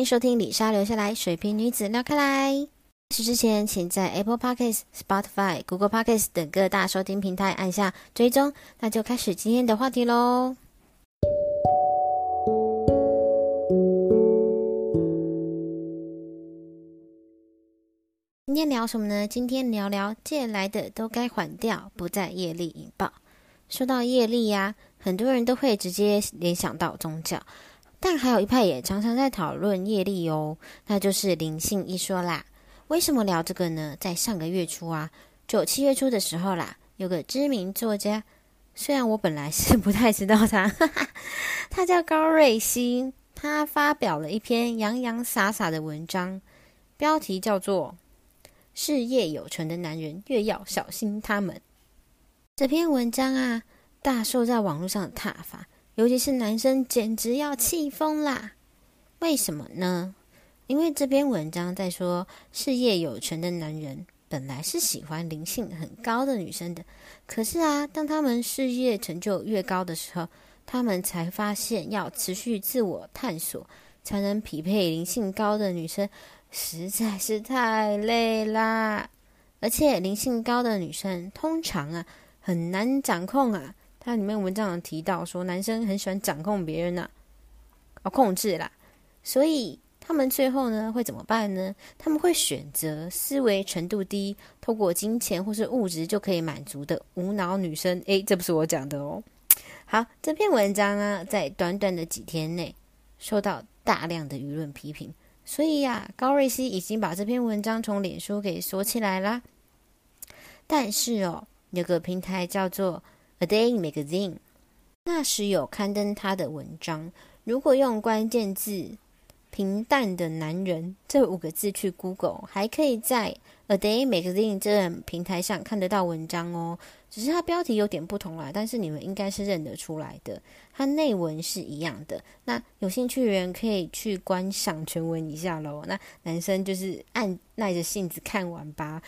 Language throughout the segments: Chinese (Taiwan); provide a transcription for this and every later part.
歡迎收聽理紗琉下來，水瓶女子撩開來。事之前，請在 Apple Podcasts、Spotify、Google Podcasts 等各大收聽平台按下追蹤。那就開始今天的話題嘍。今天聊什麼呢？今天聊聊借來的都該還掉，不再業力引爆。說到業力呀，很多人都會直接聯想到宗教。但還有一派也常常在討論業力哦，那就是靈性一說啦。為什麼聊這個呢？在上個月初啊，就七月初的時候啦，有個知名作家，雖然我本來是不太知道他，哈哈。他叫高瑞希，他發表了一篇洋洋灑灑灑的文章，標題叫做《事業有成的男人越要小心他們》。這篇文章啊，大受在網絡上的撻伐尤其是男生簡直要氣瘋啦！為什麼呢？因為這篇文章在說，事業有成的男人本來是喜歡靈性很高的女生的，可是啊，當他們事業成就越高的時候，他們才發現要持續自我探索，才能匹配靈性高的女生，實在是太累啦！而且靈性高的女生通常啊，很難掌控啊。它裡面文章有提到說，男生很喜歡掌控別人吶、啊，啊，控制啦，所以他們最後呢會怎麼辦呢？他們會選擇思維程度低，透過金錢或是物質就可以滿足的無腦女生。誒，這不是我講的哦。好，這篇文章啊，在短短的幾天內受到大量的輿論批評，所以呀、啊，高瑞希已經把這篇文章從臉書給鎖起來啦。但是哦，有個平台叫做。《A Day》magazine 那時有刊登他的文章。如果用關鍵字“平淡的男人”這五個字去 Google，還可以在《A Day》magazine 這平台上看得到文章哦。只是他標題有點不同啦，但是你們應該是認得出來的。他內文是一樣的。那有興趣的人可以去觀賞全文一下嘍。那男生就是按捺着性子看完吧。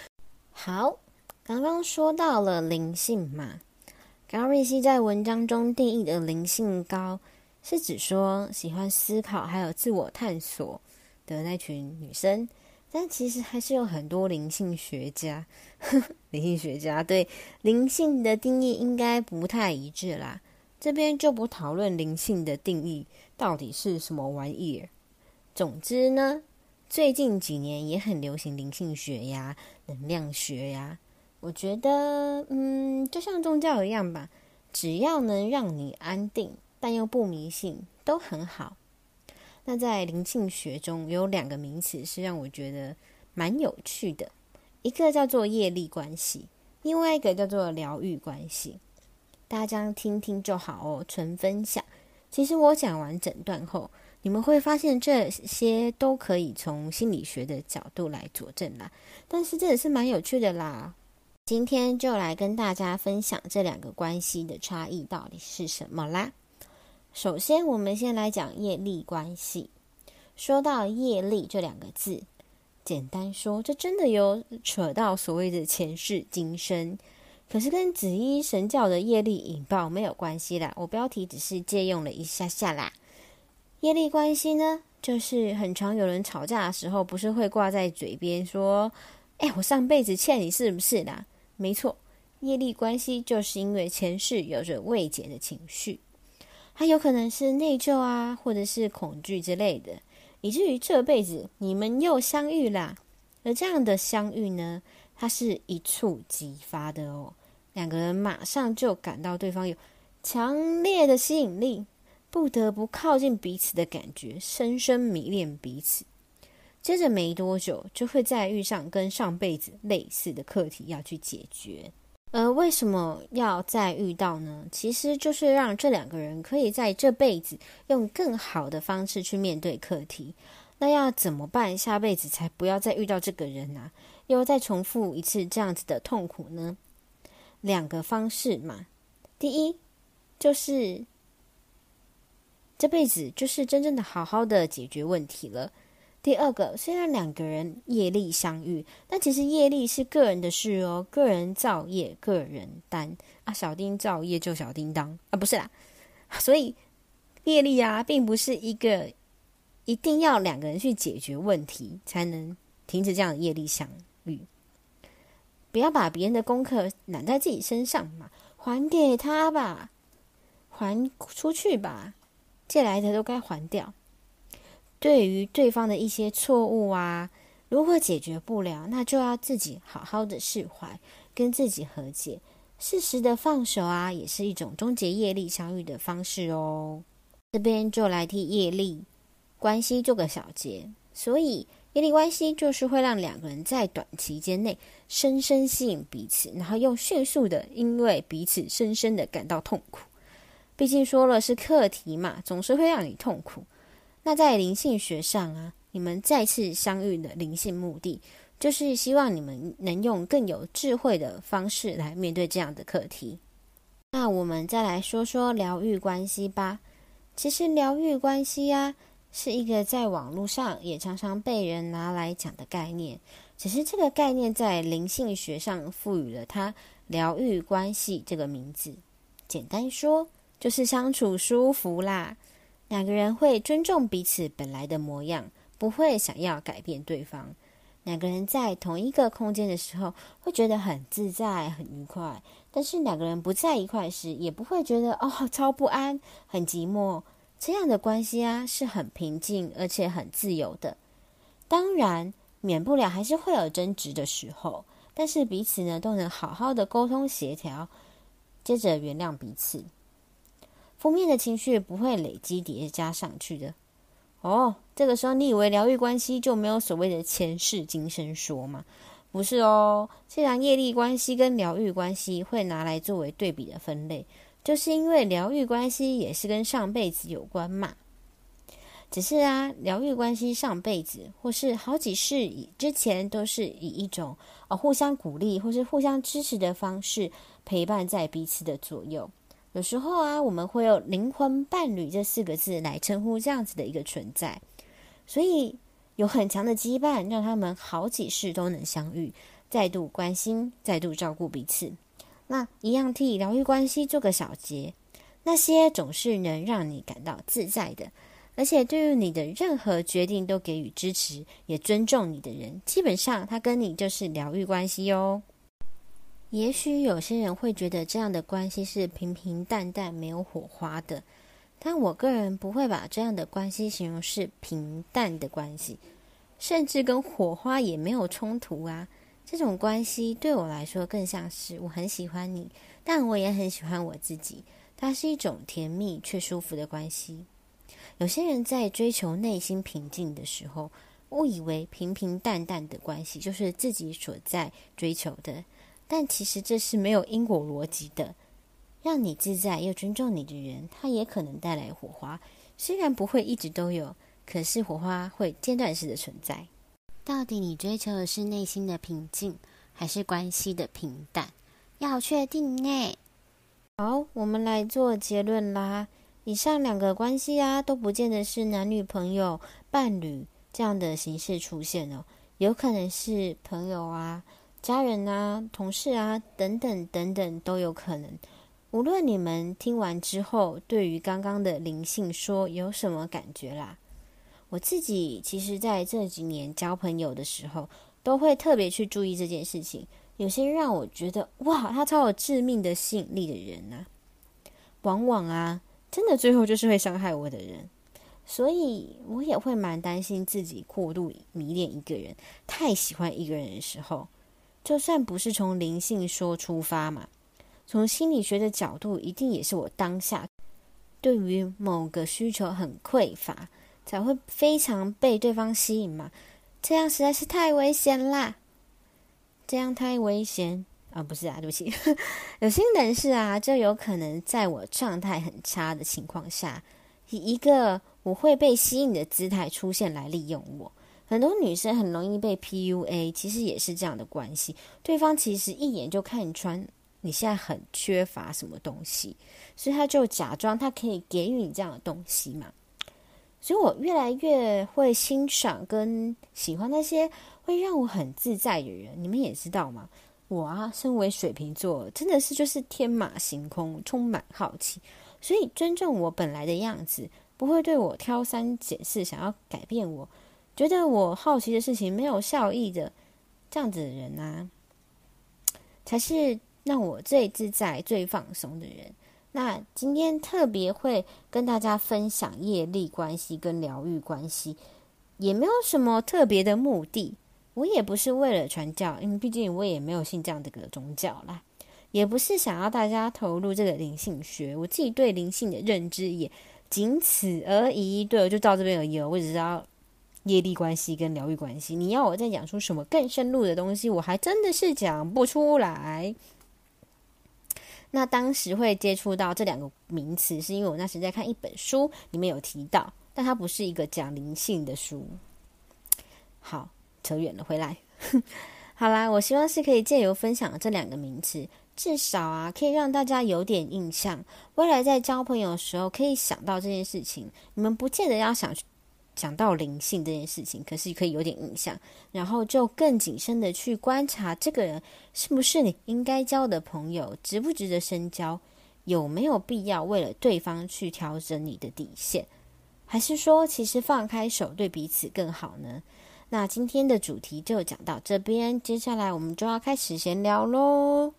好，剛剛說到了靈性嘛。然後瑞希在文章中定義的靈性高，是指說喜歡思考還有自我探索的那群女生。但其實還是有很多靈性學家，呵呵靈性學家對靈性的定義應該不太一致啦。這邊就不討論靈性的定義到底是什麼玩意兒。總之呢，最近幾年也很流行靈性學呀、能量學呀。我覺得，嗯，就像宗教一樣吧，只要能讓你安定，但又不迷信，都很好。那在靈性學中有兩個名詞是讓我覺得蠻有趣的，一個叫做業力關係，另外一個叫做療癒關係。大家聽聽就好哦，純分享。其實我講完整段後，你們會發現這些都可以從心理學的角度來佐證啦。但是這也是蠻有趣的啦。今天就來跟大家分享這兩個關係的差異到底是什麼啦。首先，我們先來講業力關係。說到業力這兩個字，簡單說，這真的有扯到所謂的前世今生，可是跟紫衣神教的業力引爆沒有關係啦。我標題只是借用了一下下啦。業力關係呢，就是很常有人吵架的時候，不是會掛在嘴邊說：“哎，我上輩子欠你是不是啦？”沒錯，業力關係就是因為前世有着未解的情緒，它有可能是內疚啊，或者是恐懼之類的，以至於這輩子你們又相遇啦。而這樣的相遇呢，它是一觸即發的哦，兩個人馬上就感到對方有強烈的吸引力，不得不靠近彼此的感覺，深深迷戀彼此。接着沒多久，就會再遇上跟上輩子類似的課題要去解決。而為什麼要再遇到呢？其實就是讓這兩個人可以在這輩子用更好的方式去面對課題。那要怎麼辦？下輩子才不要再遇到這個人啊，又再重複一次這樣子的痛苦呢？兩個方式嘛，第一就是這輩子就是真正的好好的解決問題了。第二個，雖然兩個人業力相遇，但其實業力是個人的事哦，個人造業，個人擔啊。小丁造業就小叮噹啊，不是啦，所以業力啊，並不是一個一定要兩個人去解決問題，才能停止這樣的業力相遇。不要把別人的功課攬在自己身上嘛，還給他吧，還出去吧，借來的都該還掉。對於對方的一些錯誤啊，如果解決不了，那就要自己好好的釋懷，跟自己和解，適時的放手啊，也是一種終結業力相遇的方式哦。這邊就來替業力關係做個小結，所以業力關係就是會讓兩個人在短期間內深深吸引彼此，然後又迅速的因為彼此深深的感到痛苦。畢竟說了是課題嘛，總是會讓你痛苦。那在靈性學上啊，你們再次相遇的靈性目的，就是希望你們能用更有智慧的方式來面對這樣的課題。那我們再來說說療癒關係吧。其實療癒關係啊，是一個在網絡上也常常被人拿來講的概念。只是這個概念在靈性學上賦予了它“療癒關係”這個名字。簡單說，就是相處舒服啦。兩個人會尊重彼此本來的模樣，不會想要改變對方。兩個人在同一個空間的時候，會覺得很自在、很愉快。但是兩個人不在一塊時，也不會覺得哦超不安、很寂寞。這樣的關係啊，是很平靜而且很自由的。當然，免不了還是會有爭執的時候，但是彼此呢，都能好好的溝通協調，接着原諒彼此。負面的情緒不會累積疊加上去的哦。這個時候，你以為療癒關係就沒有所謂的前世今生說嗎？不是哦。既然業力關係跟療癒關係會拿來作為對比的分類，就是因為療癒關係也是跟上輩子有關嘛。只是啊，療癒關係上輩子或是好幾世以之前，都是以一種、哦、互相鼓勵或是互相支持的方式陪伴在彼此的左右。有時候啊，我們會用靈魂伴侶這四個字來稱呼這樣子的一個存在，所以有很強的羈絆，讓他們好幾世都能相遇，再度關心，再度照顧彼此。那一樣替療癒關係做個小結，那些總是能讓你感到自在的，而且對於你的任何決定都給予支持，也尊重你的人，基本上他跟你就是療癒關係喲、哦。也許有些人會覺得這樣的關係是平平淡淡、沒有火花的，但我個人不會把這樣的關係形容是平淡的關係，甚至跟火花也沒有衝突啊。這種關係對我來說更像是我很喜歡你，但我也很喜歡我自己，它是一種甜蜜卻舒服的關係。有些人在追求內心平靜的時候，誤以為平平淡淡的關係就是自己所在追求的。但其實這是沒有因果邏輯的。讓你自在又尊重你的人，他也可能帶來火花，雖然不會一直都有，可是火花會間斷式的存在。到底你追求的是內心的平靜，還是關係的平淡？要確定哎。好，我們來做結論啦。以上兩個關係啊，都不見得是男女朋友、伴侶這樣的形式出現哦，有可能是朋友啊。家人啊，同事啊，等等等等，都有可能。無論你們聽完之後，對於剛剛的靈性說有什麼感覺啦？我自己其實在這幾年交朋友的時候，都會特別去注意這件事情。有些讓我覺得哇，他超有致命的吸引力的人吶、啊，往往啊，真的最後就是會傷害我的人。所以我也會蠻擔心自己過度迷戀一個人，太喜歡一個人的時候。就算不是從靈性說出發嘛，從心理學的角度，一定也是我當下對於某個需求很匱乏，才會非常被對方吸引嘛。這樣實在是太危險啦！這樣太危險。啊，不是啊，對不起， 有心人士啊，就有可能在我狀態很差的情況下，以一個我會被吸引的姿態出現來利用我。很多女生很容易被 PUA，其實也是這樣的關係。對方其實一眼就看穿你現在很缺乏什麼東西，所以他就假裝他可以給予你這樣的東西嘛。所以我越來越會欣賞跟喜歡那些會讓我很自在的人。你們也知道嘛，我啊，身為水瓶座，真的是就是天馬行空，充滿好奇，所以尊重我本來的樣子，不會對我挑三揀四，想要改變我。覺得我好奇的事情沒有效益的這樣子的人啊，才是讓我最自在、最放鬆的人。那今天特別會跟大家分享業力關係跟療癒關係，也沒有什麼特別的目的。我也不是為了傳教，因為畢竟我也沒有信這樣的個宗教啦。也不是想要大家投入這個靈性學，我自己對靈性的認知也僅此而已。對，我就到這邊而已，我只知道。業力關係跟療癒關係，你要我再講出什麼更深入的東西，我還真的是講不出來。那當時會接觸到這兩個名詞，是因為我那時在看一本書，裡面有提到，但它不是一個講靈性的書。好，扯遠了，回來。 好啦，我希望是可以借由分享的這兩個名詞，至少啊可以讓大家有點印象，未來在交朋友的時候可以想到這件事情。你們不見得要想去。講到靈性這件事情，可是可以有點印象，然後就更謹慎的去觀察這個人是不是你應該交的朋友，值不值得深交，有沒有必要為了對方去調整你的底線，還是說其實放開手對彼此更好呢？那今天的主題就講到這邊，接下來我們就要開始閒聊嘍。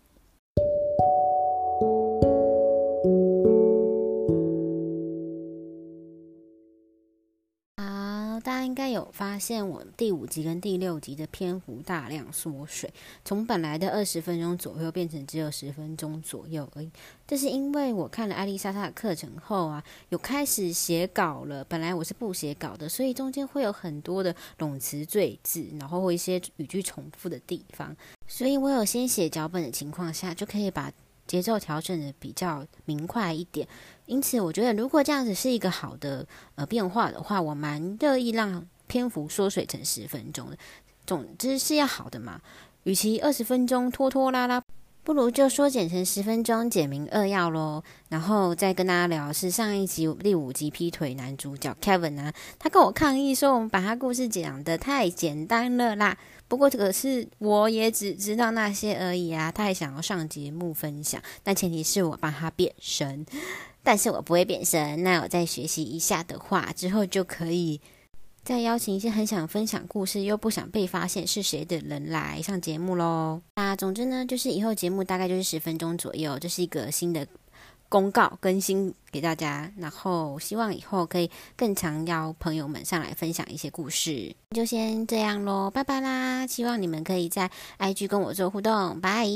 發現我第五集跟第六集的篇幅大量縮水，從本來的二十分鐘左右變成只有十分鐘左右而已。這是因為我看了艾麗莎莎的課程後啊，有開始寫稿了。本來我是不寫稿的，所以中間會有很多的冗詞贅字，然後會一些語句重複的地方。所以我有先寫腳本的情況下，就可以把節奏調整得比較明快一點。因此，我覺得如果這樣子是一個好的呃變化的話，我蠻樂意讓。篇幅縮水成十分鐘了，總之是要好的嘛。與其二十分鐘拖拖拉拉，不如就縮減成十分鐘，簡明扼要嘍。然後再跟大家聊是上一集第五集劈腿男主角 Kevin 吶、啊，他跟我抗議說我們把他故事講得太簡單了啦。不過這個是我也只知道那些而已啊，他還想要上節目分享，但前提是我幫他變身，但是我不會變身，那我再學習一下的話之後就可以。再邀請一些很想分享故事又不想被發現是誰的人來上節目嘍。那總之呢，就是以後節目大概就是十分鐘左右，這是一個新的公告更新給大家。然後希望以後可以更常邀朋友們上來分享一些故事，就先這樣嘍，拜拜啦！希望你們可以在 IG 跟我做互動，拜。